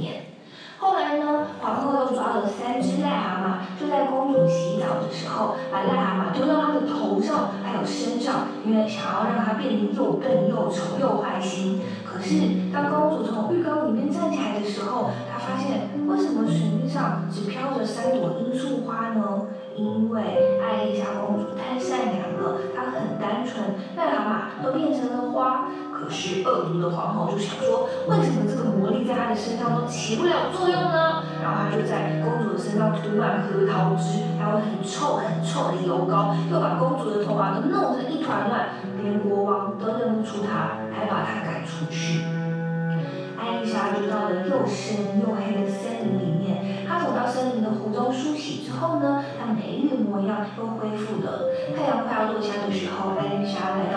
Yeah. 後來呢，皇后又抓了三隻癩蛤蟆，就在公主洗澡的時候，把癩蛤蟆丟到她的頭上還有身上，因為想要讓她變得又笨又醜又壞心。可是當公主從浴缸裡面站起來的時候，她發現，為什麼水面上只飄着三朵罌粟花呢？因為愛麗莎。花，可是惡毒的皇後就想說，為什麼這個魔力在她的身上都起不了作用呢？然後她就在公主的身上塗滿核桃汁，還有很臭很臭的油膏，又把公主的頭髮都弄成一團亂，連國王都認不出她，還把她趕出去。艾麗莎就到了又深又黑的森林裡面，她走到森林的湖中梳洗之後呢，她美麗的模樣都恢復了。太陽快要落下的時候，艾麗莎來。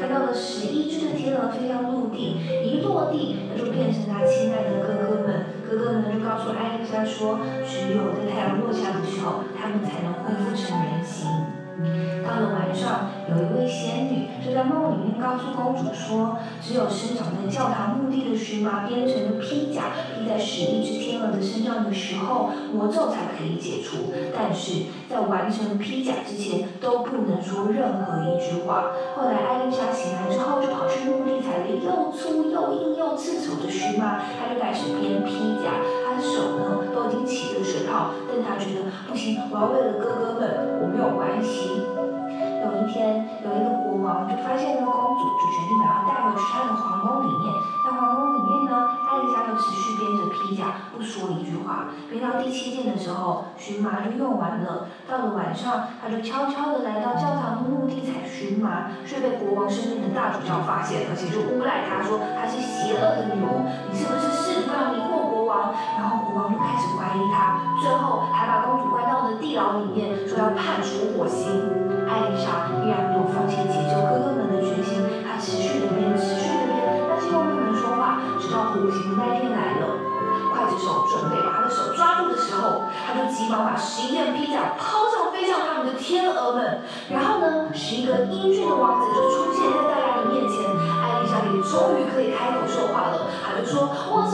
看到了十一只的天鵝飛到陸地，一落地，那就變成他親愛的哥哥們。哥哥們就告訴艾麗莎說，只有在太陽落下的時候，他們才能恢復成人形。到了晚上，有一位仙女就在夢裡面告訴公主說，只有生長在教堂墓地的蕁麻編成的披甲，披在十一只。的身上的時候，魔咒才可以解除，但是在完成披甲之前，都不能說任何一句話。後來艾麗莎醒來之後，就跑去墓地踩了又粗又硬又刺手的蕁麻。她就開始編披甲，她的手呢，都已經起了水泡，但她覺得不行，我要為了哥哥們，我沒有關係。有一天，有一個國王就發現了公主，就決定把她帶回去看的。沒到第七天的時候，蕁麻就用完了。到了晚上，他就悄悄地來到教堂的墓地採蕁麻，卻被國王身邊的大主教發現，而且就誣賴他說他是邪惡的女巫，你是不是試圖要迷惑國王？然後國王就開始懷疑他，最後還把公主關到了地牢裡面，說要判處火刑。艾麗莎，依然把十一件披甲拋向飛向他們的天鵝們，然後呢，十一個英俊的王子就出現在大家的面前。艾麗莎也終於可以開口說話了，她就說：“我。”